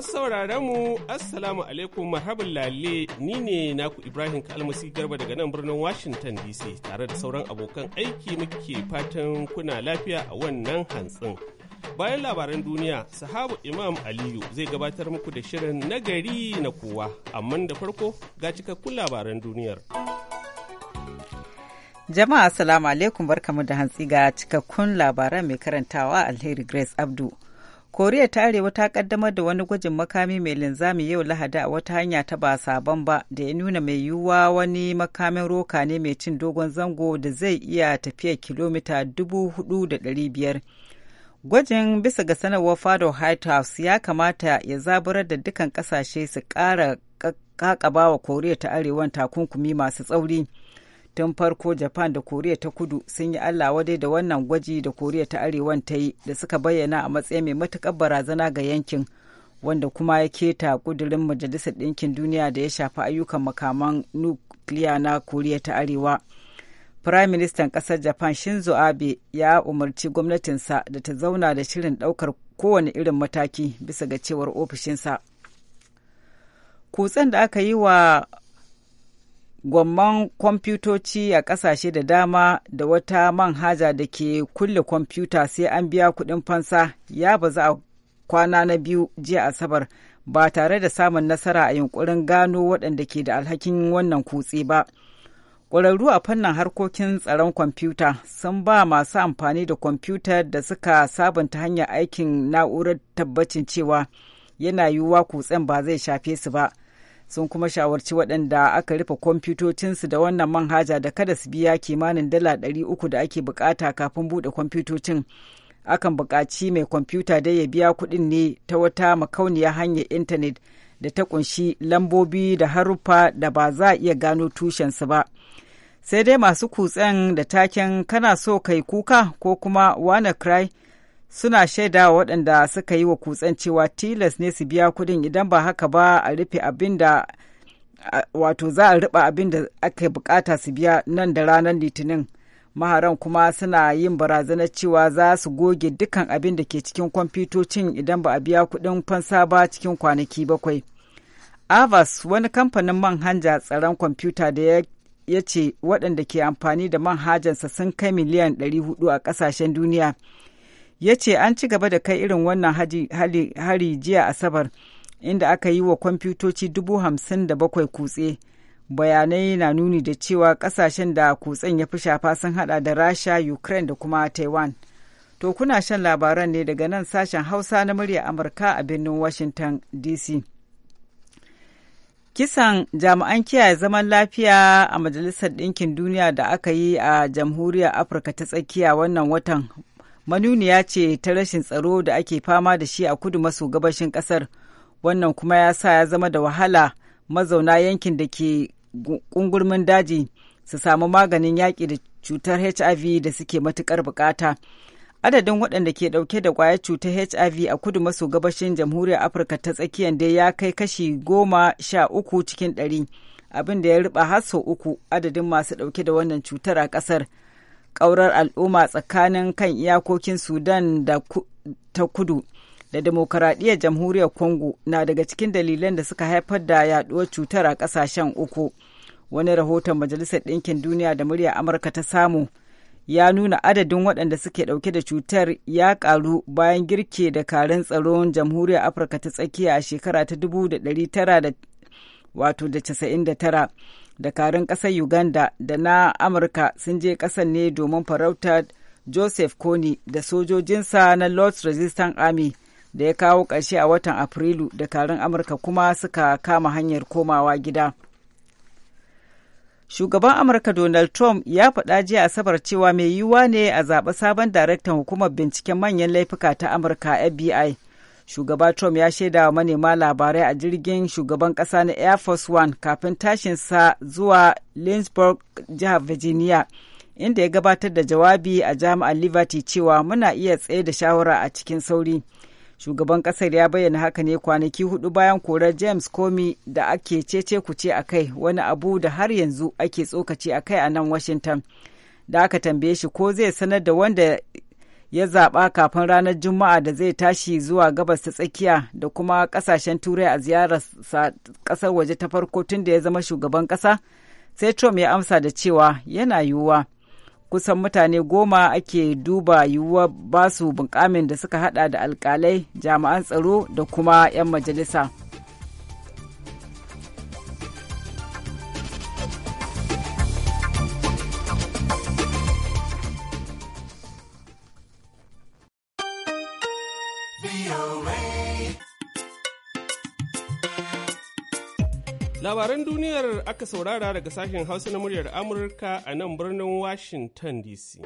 Masu sauraron mu Assalamu alaikum marhaban lalle ni ne naku Ibrahim Kalmasi Garba daga nan birnin Washington DC tare da sauran abokan aiki muke fatan kuna lafiya a wannan hantsin. Bayan labaran duniya, sahabu Imam Aliyu zai gabatar muku da shirin nagari na kowa, amma da farko ga cikakkun labaran duniyar. Jama'a Assalamu alaikum barkamu da hantsi ga cikakkun labaran mai karantawa Alheri Grace Abdu. koriya ta arewa ta kaddamar da wani gwajin makami mai linzami yau lahadi a wata hanya ta ba sabon ba da ya nuna mai yiwuwa wani makamin roka ne mai cin dogon zango da zai iya tafiya kilomita 4,500 gwajin bisa ga sanarwar fado white house ya kamata ya zaburar da dukan kasashe su kara kakabawa koriya ta arewa takunkumi masu tsauri tun farko japan da koriya ta kudu sun yi allah wadai da wannan gwaji da koriya ta arewa ta yi da suka bayyana a matsayin mai matuƙar barazana ga yankin wanda kuma ya keta kudurin majalisar ɗinkin duniya da ya shafi ayyukan makaman nukiliya na koriya ta arewa prime minister ƙasar japan shinzo abe ya umarci gwamnatinsa da ta zauna da shirin ɗaukar kowane irin mataki bisa ga cewar ofishinsa kutsen da aka yi wa gwamman kwamfutoci a ƙasashe da dama da wata manhaja da ke kulle kwamfuta sai an biya kuɗin fansa ya bazu a kwana na biyu jiya asabar ba tare da samun nasara a yunkurin gano waɗanda ke da alhakin wannan kutse ba ƙwararru a fannin harkokin tsaron kwamfuta sun ba masu amfani da kwamfuta da suka sabunta hanyar aikin na'urar tabbacin cewa yana yiwuwa kutsen ba zai shafe su ba sun kuma shawarci waɗanda aka rufe kwamfutocinsu da wannan manhaja da kada su biya kimanin dala ɗari uku da ake bukata kafin buɗe kwamfutocin akan buƙaci mai kwamfuta dai ya biya kuɗin ne ta wata makauniya hanyar intanet da ta ƙunshi lambobi da haruffa da ba za a iya gano tushensu ba sai dai masu kutsen da taken kana so kai kuka ko kuma wanna cry suna shaida waɗanda suka yi wa kutsen cewa tilas ne su biya kuɗin idan ba haka ba a rufe abin da wato za a riba abin da aka bukata su biya nan da ranar litinin maharan kuma suna yin barazana cewa za su goge dukkan abin da ke cikin kwamfutocin idan ba a biya kuɗin fansa ba cikin kwanaki bakwai avas wani kamfanin manhaja tsaron kwamfuta da ya ce waɗanda ke amfani da manhajansa sun kai miliyan 400 a ƙasashen duniya ya ce an ci gaba da kai irin wannan hari jiya asabar inda aka yi wa kwamfutoci dubu hamsin da bakwai kutse bayanai na nuni da cewa kasashen da kutsen ya fi shafa sun hada da rasha ukraine da kuma taiwan to kuna shan labaran ne daga nan sashen hausa na murya amurka a birnin washington dc kisan jami'an kiyaye zaman lafiya a majalisar ɗinkin duniya da aka yi a jamhuriyar afirka ta tsakiya wannan watan manuniya ce ta rashin tsaro da ake fama da shi a kudu maso gabashin kasar wannan kuma ya sa ya zama da wahala mazauna yankin da ke kungurmin daji su samu maganin yaƙi da cutar hiv da suke matukar bukata adadin waɗanda ke ɗauke da ƙwayar cutar hiv a kudu maso gabashin jamhuriyar afirka ta tsakiyar dai ya kai kashi goma sha uku cikin ɗari abin da ya riba har sau uku adadin masu ɗauke da wannan cutar a ƙasar ƙaurar al'umma tsakanin kan iyakokin Sudan da ta kudu da demokaradiyyar jamhuriyar Congo na daga cikin dalilan da suka haifar da yaduwar cutar a ƙasashen uku. Wani rahoton Majalisar Ɗinkin Duniya da muryar Amurka ta samu ya nuna adadin waɗanda suke ɗauke da cutar ya ƙaru bayan girke da karin tsaron jamhuriyar Afirka ta tsakiya a shekara ta 1999. dakarun ƙasar uganda da na amurka sun je ƙasar ne domin farautar joseph kony da sojojinsa na lords resistance army da ya kawo ƙarshe a watan afrilu dakarun amurka kuma suka kama hanyar komawa gida shugaban amurka donald trump ya faɗa jiya asabar cewa mai yiwuwa ne a zaɓi sabon daraktan hukumar binciken manyan laifuka ta amurka fbi shugaba trump ya shaida wa manema labarai a jirgin shugaban kasa na air force one kafin sa zuwa lindsburg jihar virginia inda ya gabatar da jawabi a jami'ar liberty cewa muna iya tsaye da shawara a cikin sauri shugaban kasar ya bayyana haka ne kwanaki hudu bayan korar james comey da ake cece kuce a kai wani abu da har yanzu ake tsokaci a kai a nan washington da aka tambaye shi ko zai sanar da wanda ya zaɓa kafin ranar Juma'a da zai tashi zuwa gabas ta tsakiya da kuma ƙasashen Turai a ziyarar ƙasar waje ta farko tun da ya zama shugaban ƙasa, sai Trump ya amsa da cewa yana yiwuwa. Kusan mutane goma ake duba yiwuwa basu bunƙamin da suka haɗa da alƙalai, jami'an tsaro da kuma 'yan majalisa. labaran duniyar aka saurara daga sashen hausa na muryar amurka a nan birnin washington dc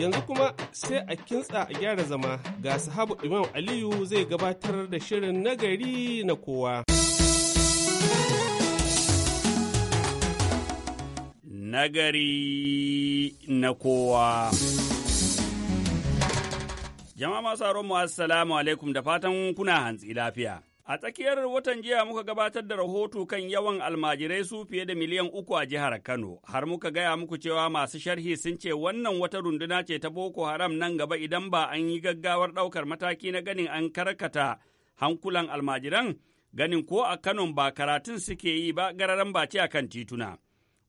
yanzu kuma sai a kintsa a gyara zama ga sahabu imam aliyu zai gabatar da shirin nagari na kowa nagari na kowa jama'a masu mu assalamu alaikum da fatan kuna hantsi lafiya A tsakiyar watan jiya muka gabatar da rahoto kan yawan almajirai su fiye da miliyan uku a jihar Kano, har muka gaya muku cewa masu sharhi sun ce wannan wata runduna ce ta Boko Haram nan gaba idan ba an yi gaggawar ɗaukar mataki na ganin an karkata hankulan almajiran ganin ko a Kano ba karatun suke yi ba gararan ba ce a kan tituna.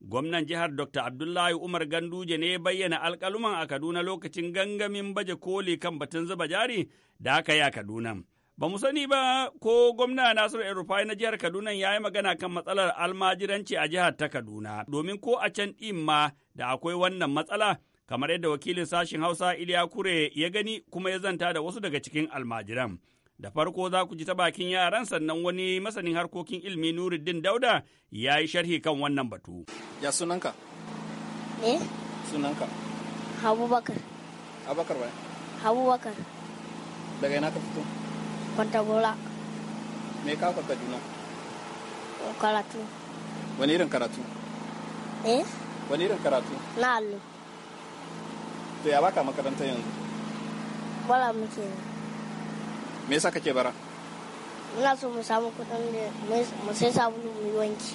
Gwamnan jihar Dr. Abdullahi Umar Ganduje ne bayyana alkaluman a Kaduna lokacin gangamin baje koli kan batun zuba jari da aka yi a Kaduna. Ba mu sani ba ko gwamna Nasiru Erufai na jihar Kaduna ya yi magana kan matsalar almajiranci a jihar ta Kaduna, domin ko a can ɗin ma da akwai wannan matsala, kamar yadda wakilin sashen Hausa Iliya Kure ya gani kuma ya zanta da wasu daga cikin almajiran. Da farko za ku ji ta bakin yaran sannan wani masanin harkokin ilmi Nuruddin Dauda ya yi sharhi kan wannan batu. Ya sunanka? Eh? Sunanka? abubakar. Abubakar ba? abubakar. Daga ina ka fito? kwanta bola me ka kwa kaduna oh, karatu wani irin karatu eh wani irin karatu na allo to ya baka makaranta yanzu bala muke me yasa kake bara Ina so mu samu kudin da mu sai sabulu mu yi wanki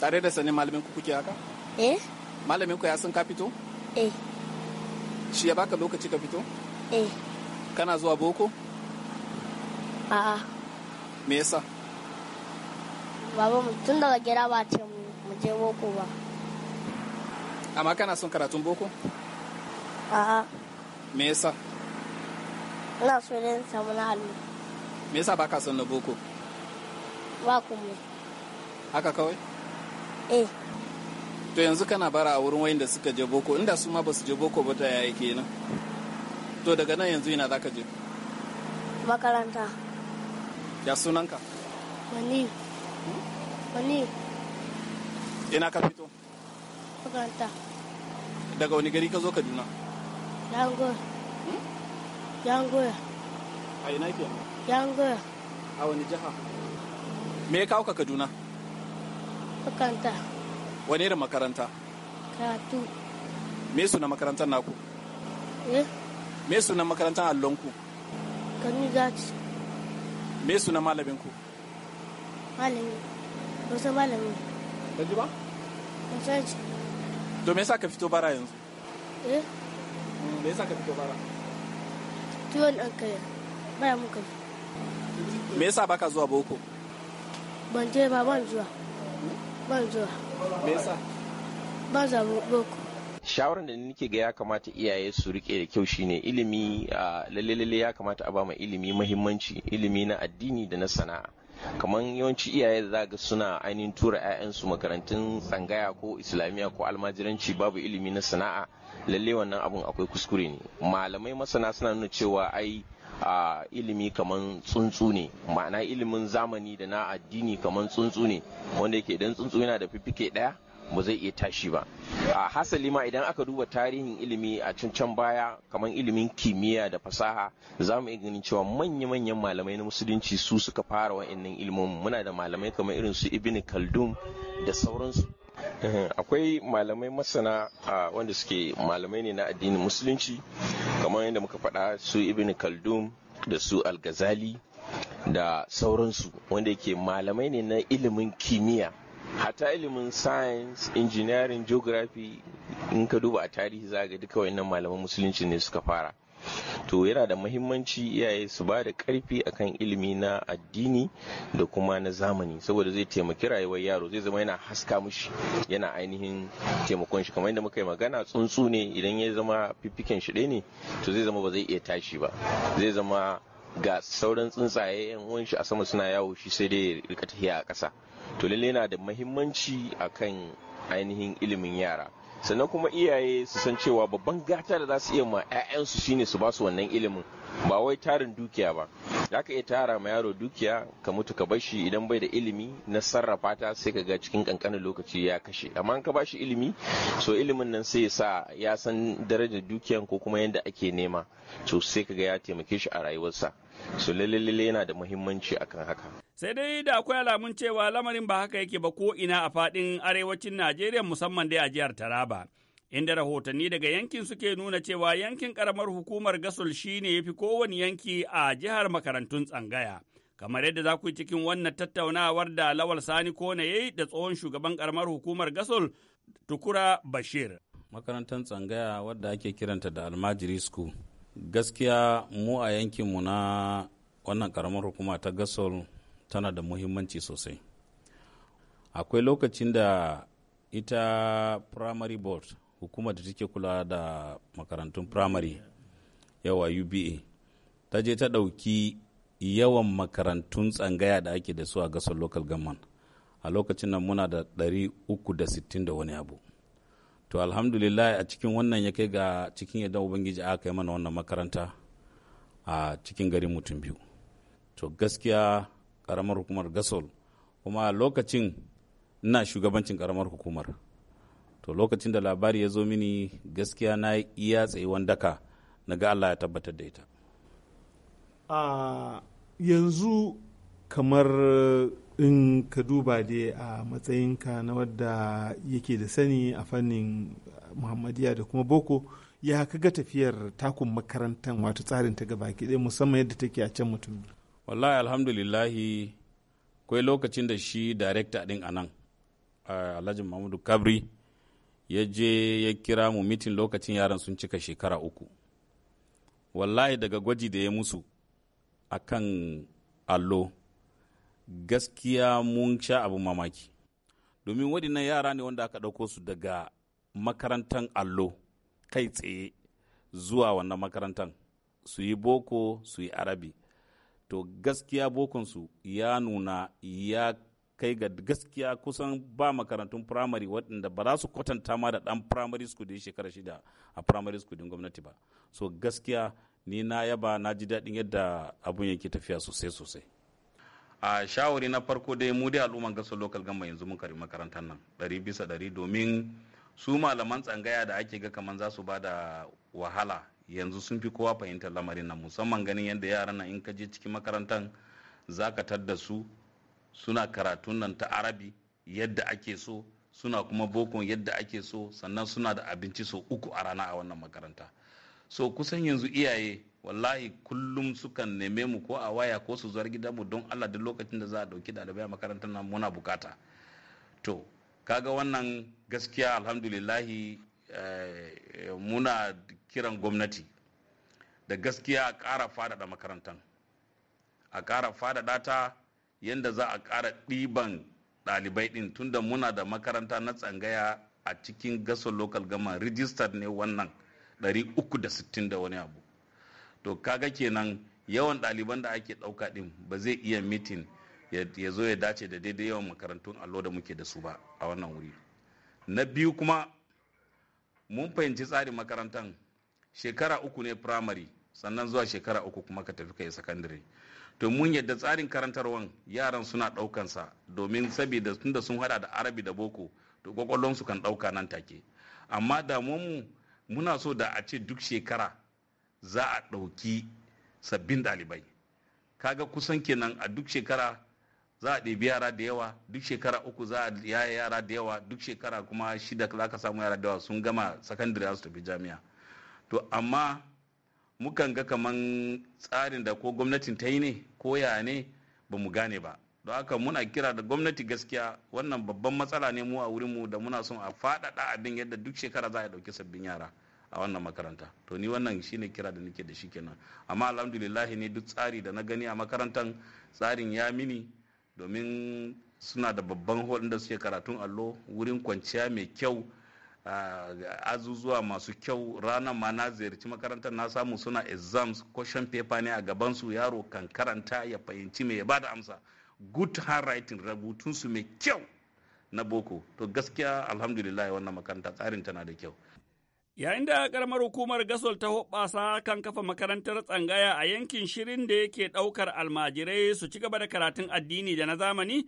tare da sanin malamin ku kuke haka eh malamin ku ya san ka fito eh shi ya baka lokaci ka fito eh kana zuwa boko A'a. Me yasa? Baba tun daga gida ba ce mu je boko ba. Amma kana son karatun boko? A'a. Me yasa? Ina so ne samu na hannu. Me yasa ba ka son na boko? Ba kuma. Haka kawai? Eh. To yanzu kana bara a wurin da suka je boko inda su ma ba su je boko ba ta yaya kenan. To daga nan yanzu ina za ka je? Makaranta. Ya sunanka? wani wani Ina ka fito? Makaranta. Daga wani gari ka zo Kaduna? Yangoya. Hmm? Yangoya. A ina ke? Yangoya. A wani jiha? Me ya kawo ka Kaduna? Makaranta. Wani irin makaranta? Karatu. Me suna makarantar naku? Eh? Me suna makarantar allonku? Kanu zaci. me suna malamin ku malami ba san malami ba ji ba ba to me yasa ka fito bara yanzu eh mm, me yasa ka fito bara tuwon an kai baya muka me yasa baka zuwa boko ban je ba ban zuwa ban zuwa me yasa ban zuwa boko shawaran da nake ga ya kamata iyaye su rike da kyau shine ilimi lalle lalle ya kamata a ba mu ilimi muhimmanci ilimi na addini da na sana'a kamar yawanci iyaye za ga suna ainihin tura 'ya'yansu makarantun tsangaya ko islamiyya ko almajiranci babu ilimi na sana'a lalle wannan abun akwai kuskure ne malamai masana suna nuna cewa ai a ilimi kamar tsuntsu ne ma'ana ilimin zamani da na addini kamar tsuntsu ne wanda yake idan tsuntsu yana da fifike daya mu zai iya tashi ba a hasali ma idan aka duba tarihin ilimi a can baya kamar ilimin kimiyya da fasaha za mu iya ganin cewa manya-manyan malamai na musulunci su suka fara wa'annan ilimin muna da malamai kamar irin su ibn Kaldum da sauransu akwai malamai masana wanda suke malamai ne na addinin musulunci kamar yadda muka faɗa su ibn Kaldum da su al-ghazali da sauransu wanda yake malamai ne na ilimin kimiyya hata ilimin science engineering geography in ka duba a tarihi za ga duka wayannan malaman musulunci ne suka fara to yana da mahimmanci iyaye su ba da karfi akan ilimi na addini da kuma na zamani saboda zai taimaki rayuwar yaro zai zama yana haska mushi yana ainihin taimakon shi kamar yadda muka yi magana tsuntsu ne idan ya zama fiffiken shi ne to zai zama ba zai iya tashi ba zai zama ga sauran tsuntsaye yan uwan shi a sama suna yawo shi sai dai rika tafiya a ƙasa to lalle yana da muhimmanci akan ainihin ilimin yara sannan kuma iyaye su san cewa babban gata da za su iya ma 'ya'yansu shine su basu wannan ilimin ba wai tarin dukiya ba za ka iya tara ma yaro dukiya ka mutu ka bashi idan bai da ilimi na sarrafa ta sai ka ga cikin kankanin lokaci ya kashe amma ka bashi ilimi so ilimin nan sai sa ya san darajar dukiyan ko kuma yadda ake nema to sai ka ga ya taimake shi a rayuwarsa so lalle yana da muhimmanci akan haka sai dai da akwai alamun cewa lamarin ba haka yake ba ko ina a fadin arewacin najeriya musamman dai a jihar taraba inda rahotanni daga yankin suke nuna cewa yankin karamar hukumar Gasol shine ya fi kowane yanki a jihar makarantun tsangaya. Kamar yadda za ku yi cikin wannan tattaunawar da Lawal Sani Kone ya yi da tsohon shugaban karamar hukumar Gasol Tukura Bashir. Makarantar tsangaya wadda ake kiranta da Almajiri School. Gaskiya mu a yankin mu na wannan karamar hukuma ta Gasol tana da muhimmanci sosai. Akwai lokacin da ita primary board hukumar da take kula da makarantun firamare yawa uba ta je ta ɗauki yawan makarantun tsangaya da ake da su a gasar local government a lokacin nan muna da 360 da wani abu to alhamdulillah a cikin wannan ya kai ga cikin yadda ubangiji aka yi mana wannan makaranta a cikin garin mutum biyu to gaskiya karamar hukumar gasol kuma lokacin ina shugabancin karamar hukumar to lokacin da labari ya zo mini gaskiya na iya tsayuwan daka na ga allah ya tabbatar da ita a yanzu kamar in ka duba dai a matsayinka na wadda yake da sani a fannin muhammadiya da kuma boko ya ga tafiyar takun makarantar wato tsarin ta gaba ɗaya musamman yadda take a can mutum wallahi alhamdulillahi akwai lokacin da shi darekta ɗin anan alhaji mahmudu kabri ya je ya kira mu mitin lokacin yaran sun cika shekara uku wallahi daga gwaji da ya musu a kan allo gaskiya mun sha abun mamaki domin waɗannan yara ne wanda aka ɗauko su daga makarantar allo kai tsaye zuwa wannan makarantar su yi boko su yi arabi to gaskiya bokonsu ya nuna ya kai ga gaskiya kusan ba makarantun firamare waɗanda ba za su kwatanta ma da ɗan firamare school da shekara shida a firamare school din gwamnati ba so gaskiya ni na yaba na ji daɗin yadda abun yake tafiya sosai sosai a shawari na farko dai mu dai al'umman gasar lokal gama yanzu mun karbi makarantar nan ɗari bisa ɗari domin su malaman tsangaya da ake ga kamar za su ba da wahala yanzu sun fi kowa fahimtar lamarin nan musamman ganin yadda yaran nan in ka je cikin makarantar za ka tar da su suna karatun nan ta arabi yadda ake so suna kuma bokon yadda ake so sannan suna da abinci so uku a rana a wannan makaranta so kusan yanzu iyaye wallahi kullum sukan neme mu ko a waya ko su zuwar gidanmu don allah da lokacin da za a ɗauki ɗalibai a makarantar nan muna bukata to kaga wannan gaskiya alhamdulillahi eh, muna kiran gwamnati da gaskiya a ƙara fadada makarantar a kara fadada ta yadda za a ƙara ɗiban ɗalibai ɗin tunda muna da makaranta na tsangaya a cikin gaso local gama rijistar ne wannan 360 da wani abu to kaga kenan yawan ɗaliban da ake ɗauka ɗin ba zai iya mitin ya zo ya dace da daidai yawan makarantun allo da muke da su ba a wannan wuri na biyu kuma mun fahimci tsarin makarantar shekara uku ne primary sannan zuwa shekara uku kuma ka tafi kai sakandare to yadda tsarin karantarwan yaran suna ɗaukansa domin saboda tunda sun hada da arabi da boko to su kan ɗauka nan take amma damuwanmu muna so da a ce duk shekara za a ɗauki sabbin ɗalibai kaga kusan kenan a duk shekara za a ɗebi yara da yawa duk shekara uku za a yaya yara da yawa duk shekara kuma shida za ka samu yara da yawa sun gama sakandare su tafi jami'a to amma mukan ga kaman tsarin da ko gwamnatin ta yi ne ko ya ne ba mu gane ba don haka muna kira da gwamnati gaskiya wannan babban matsala ne mu a wurinmu da muna son a faɗaɗa abin yadda duk shekara za a ɗauki sabbin yara a wannan makaranta to ni wannan shine kira da nake da shi kenan amma alhamdulillah ne duk tsari da na gani a makarantan tsarin ya mini domin suna da babban hol da suke karatun allo wurin kwanciya mai kyau azuzuwa masu kyau ranar ma na ziyarci makarantar na samu suna exams question paper ne a gabansu yaro kan karanta ya fahimci mai ya bada amsa good handwriting rubutunsu mai kyau na boko to gaskiya alhamdulillah wannan makaranta tsarin tana da kyau Yayin da karamar hukumar gasol ta hoɓasa kan kafa makarantar tsangaya a yankin shirin da yake ɗaukar almajirai su ci gaba da karatun addini da na zamani,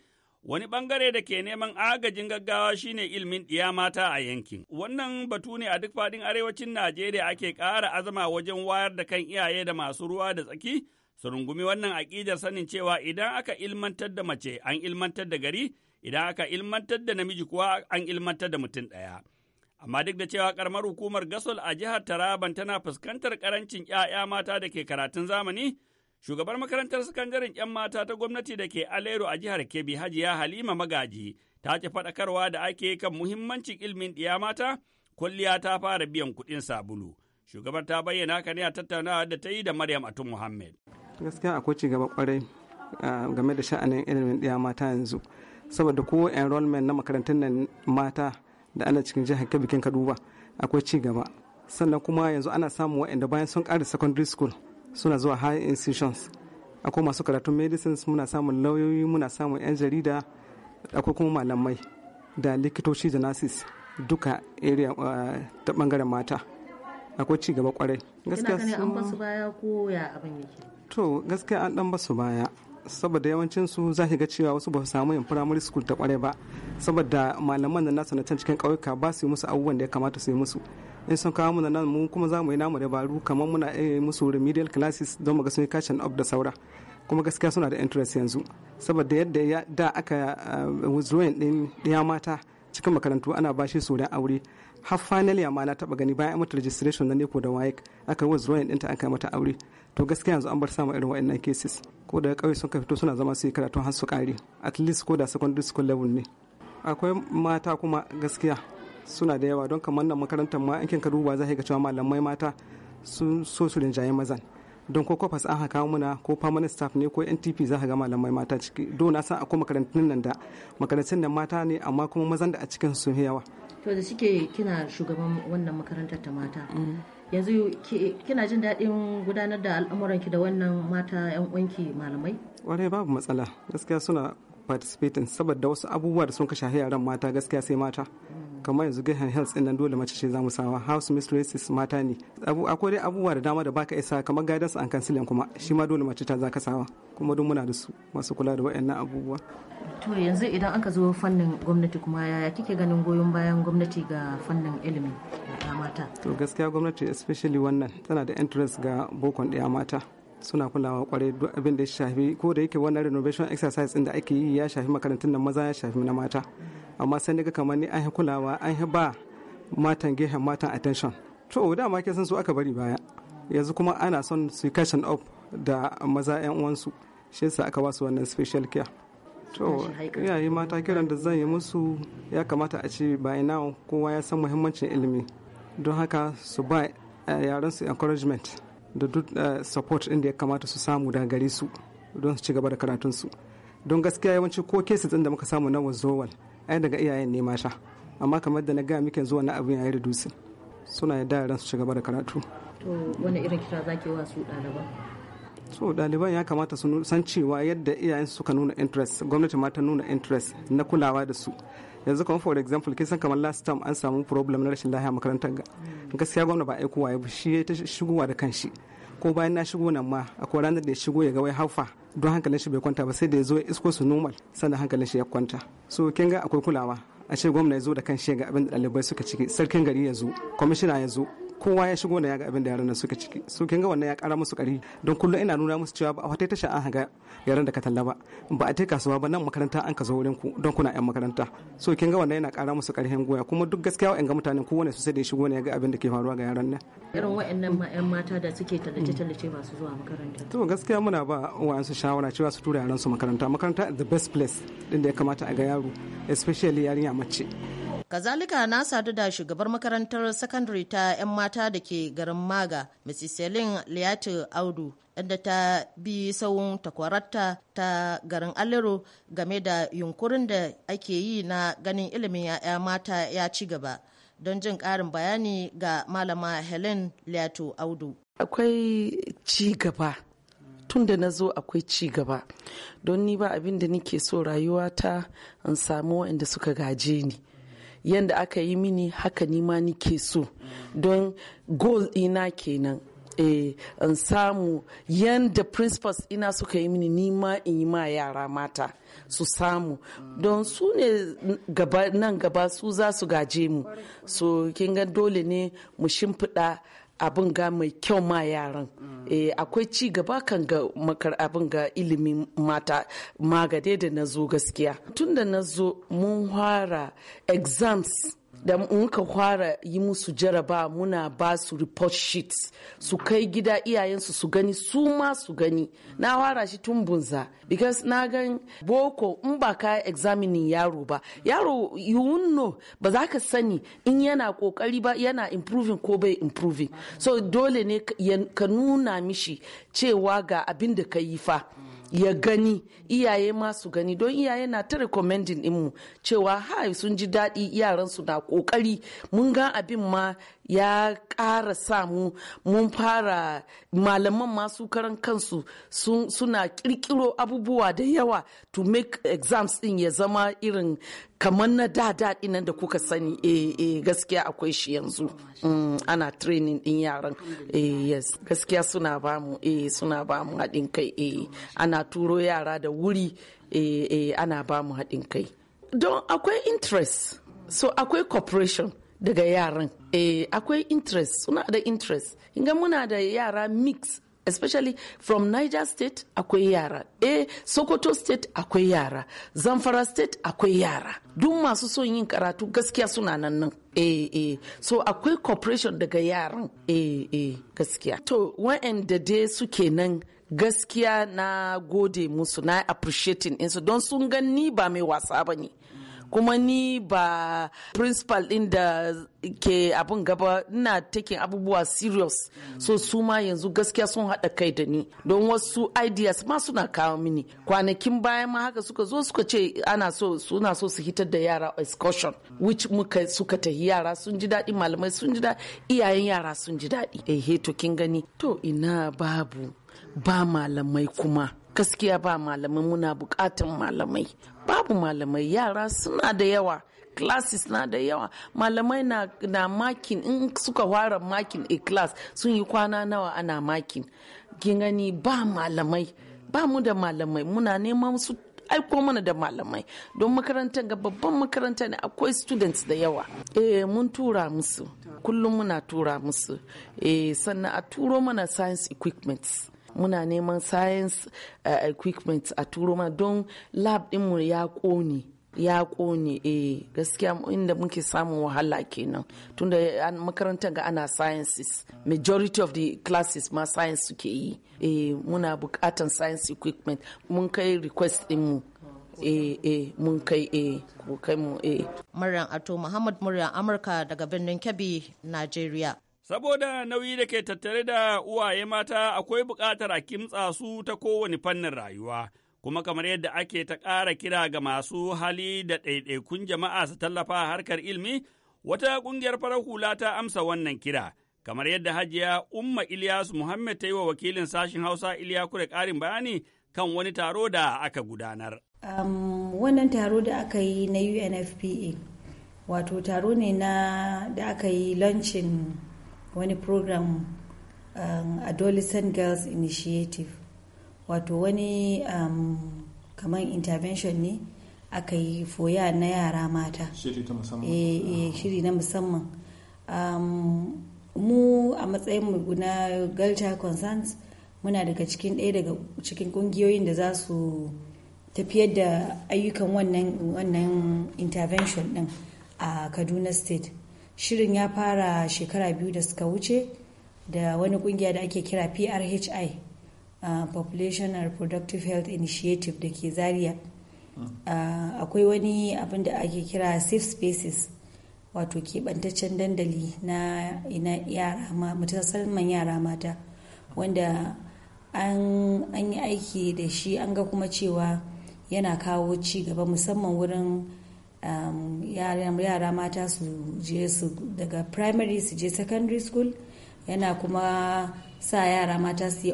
Wani ɓangare da ke neman agajin gaggawa shine ilmin ɗiya mata a yankin. Wannan batu ne a duk faɗin arewacin Najeriya ake ƙara azama wajen wayar da kan iyaye da masu ruwa da tsaki su rungumi wannan aƙidar sanin cewa idan aka ilmantar da mace an ilmantar da gari, idan aka ilmantar da namiji kuwa an ilmantar da mutum ɗaya. Amma duk da cewa ƙaramar hukumar Gasol a jihar Taraban tana fuskantar ƙarancin ‘ya'ya mata da ke karatun zamani, Shugabar makarantar sakandaren 'yan mata ta gwamnati da ke Alero a jihar Kebbi Hajiya Halima Magaji ta ce faɗakarwa da ake kan muhimmancin ilimin ɗiya mata, kulliya ta fara biyan kuɗin sabulu. Shugabar ta bayyana haka ne a tattaunawa da ta yi da Maryam tun Muhammad. Gaskiya akwai ci gaba ƙwarai game da sha'anin ilimin ɗiya mata yanzu. Saboda ko enrollment na makarantar nan mata da ana cikin jihar Kebbi kin ka duba akwai ci gaba. Sannan kuma yanzu ana samun waɗanda bayan sun ƙara secondary school suna zuwa high institutions akwai masu karatun medicines muna samun lauyoyi muna samun 'yan jarida akwai kuma malamai da likitoci da nurses duka area uh, ta bangaren mata akwai ci gaba kwarai gaskiya su an basu baya ko ya abin yake to gaskiya an dan basu baya saboda yawancin su za ga cewa wasu ba su samu yin primary school ta kwarai ba saboda malaman da nasu na can cikin ƙauyuka ba su yi musu abubuwan da ya kamata su yi musu in sun kawo muna nan mu kuma za mu yi namu dabaru kamar muna eh, musu remedial classes don mu ga sun yi da saura kuma gaskiya suna da interest yanzu saboda yadda da aka eh, withdrawing din ya mata cikin makarantu ana bashi su da aure har ya ma na taba gani bayan mata registration na neko da waik aka withdrawing ɗinta an kai mata aure to gaskiya yanzu an bar samun irin wa'annan cases ko da kauye sun ka fito suna zama su yi karatu har su kare at least ko da secondary school level ne akwai mata kuma gaskiya suna da yawa don kamar nan makarantar ma in ka duba za ka cewa malamai mata sun so su rinjaye mazan don ko kofas an haka muna ko permanent staff ne ko ntp za ka ga malamai mata ciki do na san akwai makarantun nan da makarantun nan mata ne amma kuma mazan da a cikin su yawa to da suke kina shugaban wannan makarantar ta mata mm. yanzu kina jin daɗin gudanar da al'amuran ki da wannan mata 'yan uwanki malamai Wani babu matsala gaskiya suna participating saboda wasu abubuwa da sun kashe yaran mata gaskiya sai mata mm. kamar yanzu gahan health din nan dole mace ce za mu sawa house mistresses mata ne akwai dai abubuwa da dama da baka isa kamar guidance and counseling kuma shi ma dole mace ta za ka sawa kuma duk muna da su masu kula da waɗannan abubuwa to yanzu idan aka zo fannin gwamnati kuma yaya kike ganin goyon bayan gwamnati ga fannin ilimi ga mata to gaskiya gwamnati especially wannan tana da interest ga bokon ɗaya mata suna kulawa kwarai duk abin da ya shafi ko da yake wannan renovation exercise da ake yi ya shafi makarantun nan maza ya shafi na mata amma sai daga kamar ni an yi kulawa an yi ba matan gehen matan attention to da ma ke san su aka bari baya yanzu kuma ana son su kashin up da maza yan uwansu shi yasa aka ba su wannan special care to iyaye mata kiran da zan yi musu ya kamata a ce by now kowa ya san muhimmancin ilimi don haka su ba eh, yaran su encouragement da duk eh, support din da ya kamata su samu da gare su don su ci gaba da karatunsu don gaskiya yawanci ko kesi din da muka samu na wazowal ai daga iyayen ne mata amma kamar da na gaya muke zuwa na abin ya da dutse suna yadda yaran su ci gaba da karatu to wani irin kira zake wa su ɗaliban so ɗaliban ya kamata su san cewa yadda iyayen suka nuna interest gwamnati ma ta nuna interest na kulawa da su yanzu kuma for example kin kamar last time an samu problem na rashin lahiya makarantar ga gaskiya gwamna ba aikowa ya shi ya ta shigowa da kanshi ko bayan na shigo nan ma akwai ranar da ya shigo ya ga wai haufa don hankalin shi bai kwanta ba sai da ya zo ya isko su normal sannan hankalin shi ya kwanta so kin ga akwai kulawa a ce gwamna ya zo da kanshi ga abin da ɗalibai suka ciki sarkin gari ya zo kwamishina ya zo kowa ya shigo da ya ga abin da yaran nan suka ciki su kin ga wannan ya kara musu kari don kullum ina nuna musu cewa ba a wata tasha an ga yaran da ka talla ba ba a tai kasuwa ba nan makaranta an ka zo wurin ku don kuna yan makaranta so kin ga wannan yana kara musu ƙarfin goya kuma duk gaskiya wa'in ga mutanen kowane su sai da ya shigo ne ya ga abin da ke faruwa ga yaran nan irin wa'annan ma yan mata da suke tallace tallace masu zuwa makaranta to gaskiya muna ba wa'ansu shawara cewa su tura yaran su makaranta makaranta the best place din da ya kamata a ga yaro especially yarinya mace kazalika na sadu da shugabar makarantar secondary ta yan mata da ke garin Maga, Mrs. Selin Liyatu Audu, inda ta bi sauyin takwararta ta garin Alero game da yunkurin da ake yi na ganin ilimin 'ya'ya mata ya ci gaba. Don jin ƙarin bayani ga Malama Helen Liyatu Audu. Akwai ci gaba tun da na zo akwai ci gaba don ni ba abin da nake so rayuwata in samu waɗanda suka gaje ni yadda aka yi mini haka nima nike so don goal ina kenan eh, in samu yadda principals ina suka yi mini nima in yi ma yara mata su samu don su ne nan gaba su za su gaje mu so kin ga dole ne mu shimfiɗa abin ga mai kyau ma yaran eh, akwai ci gaba kan ga makar abin ga ilimin mata magade da na zo gaskiya tun da na zo mun fara exams da muka fara yi musu jaraba muna ba su report sheets su kai gida iyayensu su gani su ma su gani na fara shi tun bunza because na gan boko in ba ka examining yaro ba yaro you ba za ka sani in yana kokari ba yana improving ko bai improving so dole ne ka nuna mishi cewa ga abin da ka yi fa ya gani iyaye ma su gani don iyaye na ta recommending dinmu cewa ha sun ji daɗi yaran su na ƙoƙari mun ga abin ma ya ƙara samu mun fara malaman masu karan kansu suna ƙirƙiro abubuwa da yawa to make exams ɗin ya zama irin kamar na da daɗi nan da kuka sani eh, eh, gaskiya akwai shi yanzu mm, ana training ɗin yaran eh, yes gaskiya suna bamu eh, suna mu haɗin kai eh, ana turo yara da wuri eh, eh ana ana bamu haɗin kai don akwai interest so akwai cooperation daga yaran eh akwai interest suna da interest inga muna da yara mix especially from niger state akwai yara eh sokoto state akwai yara zamfara state akwai yara duk masu son yin karatu gaskiya suna nan nan eh eh so akwai cooperation daga yaran eh eh gaskiya to wa'anda dai suke nan gaskiya na gode musu na appreciating insu don sun gan ni ba mai wasa ba ne kuma ni ba principal din da ke abin gaba ina taking abubuwa serious so su ma yanzu gaskiya sun haɗa kai da ni don wasu ideas ma suna kawo mini kwanakin bayan ma haka suka zo suka ce ana so suna so su hitar da yara excursion which muka suka tafi yara sun ji daɗi malamai sun ji daɗi iyayen yara sun ji daɗi eh to kin gani to ina babu ba malamai kuma gaskiya ba malamai muna bukatan malamai babu malamai yara suna da yawa classes na da yawa malamai na, na makin in suka fara makin a class sun yi kwana nawa ana makin kin ba malamai ba mu da malamai muna neman su aiko mana da malamai don makaranta ga babban makaranta ne akwai students da yawa eh mun tura musu kullum muna tura musu eh sannan a turo mana science equipments muna neman science uh, equipment a turo ma don lab dinmu ya ƙone ya ƙone eh gaskiya inda muke samun wahala kenan tunda makarantar ga ana sciences majority of the classes ma science suke yi eh muna bukatan science equipment mun kai request dinmu eh eh mun kai eh kai mu eh Maryam Ato Muhammad Murya Amurka daga birnin Kebbi Nigeria Saboda nauyi da ke tattare da uwaye mata akwai bukatar a kimtsa su ta kowane fannin rayuwa, kuma kamar yadda ake ta ƙara kira ga masu hali da ɗaiɗaikun jama'a su tallafa harkar ilmi, wata ƙungiyar farar hula ta amsa wannan kira. Kamar yadda hajiya Umma Ilyas Muhammad ta yi wa wakilin sashen Hausa Iliya Kure ƙarin bayani kan wani taro da aka gudanar. wannan taro da aka yi na UNFPA, wato taro ne na da aka yi launching wani program um, adolescent girls initiative wato wani um, kamar intervention ne aka yi foya na yara mata shiri eh, eh, na musamman um, mu a matsayin mu na galta concerns muna daga cikin ɗaya daga cikin ƙungiyoyin da za su tafiyar da ayyukan wannan intervention ɗin a kaduna state shirin ya fara shekara biyu da suka wuce da wani kungiya da ake kira prhi a uh, population and reproductive health initiative da ke zaria uh, akwai wani abin da ake kira safe spaces wato keɓantaccen dandali na ina yara musamman yara mata wanda an yi aiki da shi an ga kuma cewa yana kawo ci gaba musamman wurin Um, yara mata su je su daga primary su je secondary school yana kuma sa yara mata su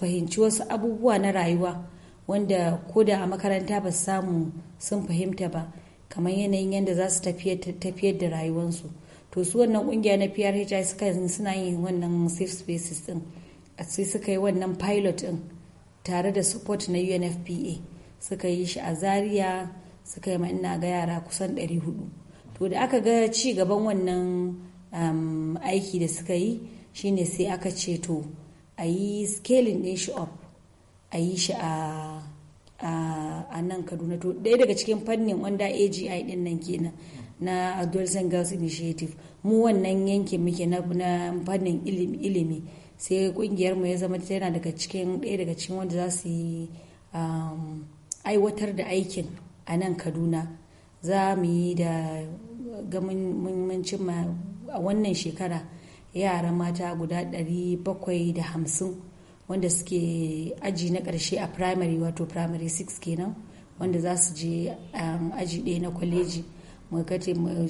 fahimci wasu abubuwa na rayuwa wanda ko da a makaranta ba su samu sun fahimta ba kamar yanayin yadda za su tafiyar da rayuwarsu to su wannan kungiya na prhi suka suna yin wannan safe spaces din sai suka yi wannan pilot din tare da support na unfpa suka yi shi a zaria suka yi ma ina ga yara kusan 400 to da aka ga ci gaban wannan um, aiki da suka yi shine sai aka ce to a yi scaling din shi up a yi shi a nan kaduna to ɗaya daga cikin fannin wanda agi din nan kenan na adolescent girls initiative mu wannan yankin muke na fannin ilimi sai kungiyar mu ya zama tana daga cikin ɗaya daga cikin wanda za su yi um, aiwatar da aikin a nan kaduna za mu yi da gamin cimma a wannan shekara yara mata guda 750 wanda suke aji na karshe a primary wato primary 6 kenan wanda za su je um, aji ɗaya na kwaleji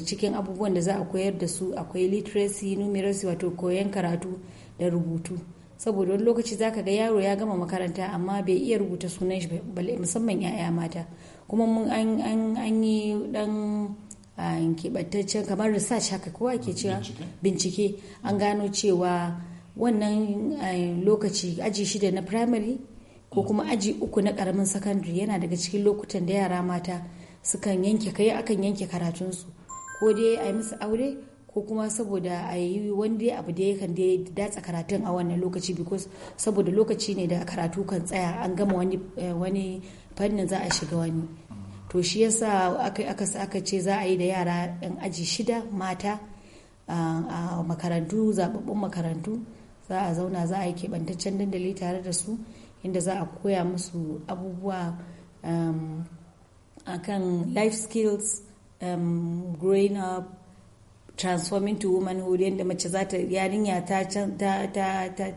cikin abubuwan da za a koyar da su akwai literacy numeracy wato koyan karatu da rubutu saboda wani lokaci za ka ga yaro ya gama makaranta amma bai iya rubuta sunan shi musamman 'ya'ya mata kuma mun an yi dan keɓantaccen kamar research haka kowa ke cewa bincike an gano cewa wannan lokaci aji shida na primary ko kuma aji uku na karamin secondary yana daga cikin lokutan da yara mata sukan yanke kai akan yanke karatunsu ko dai a yi musu aure ko kuma saboda a yi wani abu da yakan da datsa karatun a wannan lokaci because saboda lokaci ne da karatu kan tsaya an gama wani eh, fannin za a shiga wani to shi yasa aka ce za a yi da yara 'yan aji shida mata a makarantu zababbun makarantu za a zauna za a yi keɓantaccen dandali tare da su inda za a koya musu abubuwa um, akan life skills um, growing up transforming to womanhood yadda mace za ta yarinya ta,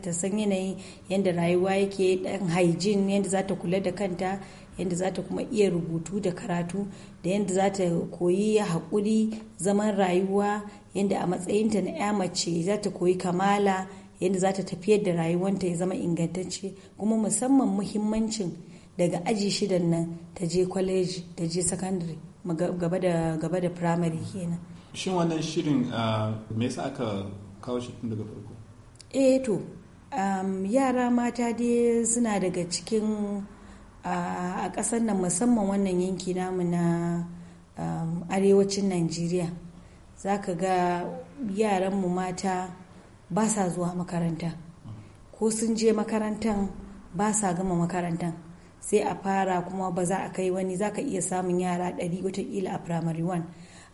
ta, san yanayi yadda rayuwa yake dan hygiene yadda za ta kula da kanta yadda za ta kuma iya rubutu da karatu da yadda za ta koyi haƙuri zaman rayuwa yadda a matsayinta na 'ya mace za ta koyi kamala yadda za ta tafiyar da rayuwanta ya zama ingantacce kuma musamman muhimmancin daga aji shidan nan ta je kwaleji ta je sakandare gaba da firamare kenan shin wannan shirin ah, me yasa aka kawo shi tun daga farko eh to yara mata dai suna daga cikin a ƙasar nan musamman wannan yanki namu na um, arewacin najeriya za ka ga mu mata ba sa zuwa makaranta ko sun je makarantan ba sa gama makarantan sai a fara kuma ba za a kai wani za ka iya samun yara ɗari watakila a primary one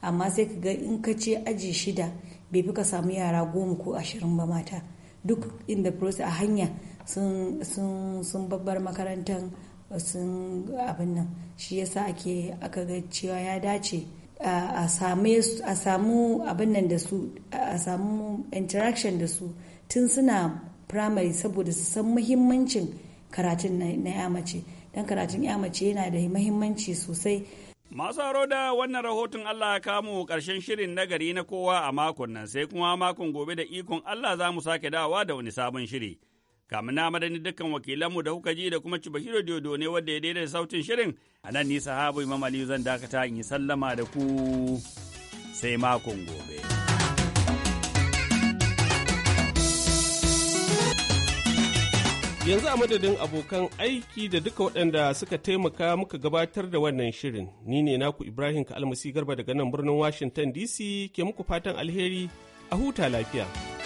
amma sai ka ga in ka ce aji shida bai fi ka samu yara goma ko ashirin ba mata duk in the process a hanya sun babbar makarantar sun abin nan shi yasa ake aka ga cewa ya dace a samu abin nan da su a samu interaction da su tun suna primary saboda su san muhimmancin karatun na yamace don karatun yamace yana da muhimmanci sosai Masu haro da wannan rahoton Allah ya kamo ƙarshen shirin nagari na kowa a makon nan sai kuma makon gobe da ikon Allah za mu sake dawa da wani sabon shiri. Kamin na madani dukkan wakilanmu da kuka ji da kuma Cibahiro Diodo ne wanda ya daidaita sautin shirin. A nan nisa habu Imam Aliyu zan dakata in yi sallama da ku sai makon gobe. Yanzu a madadin abokan aiki da duka waɗanda suka taimaka muka gabatar da wannan shirin, ni ne naku Ibrahim Ka'almasi Garba daga nan birnin Washington DC ke muku fatan alheri a huta lafiya.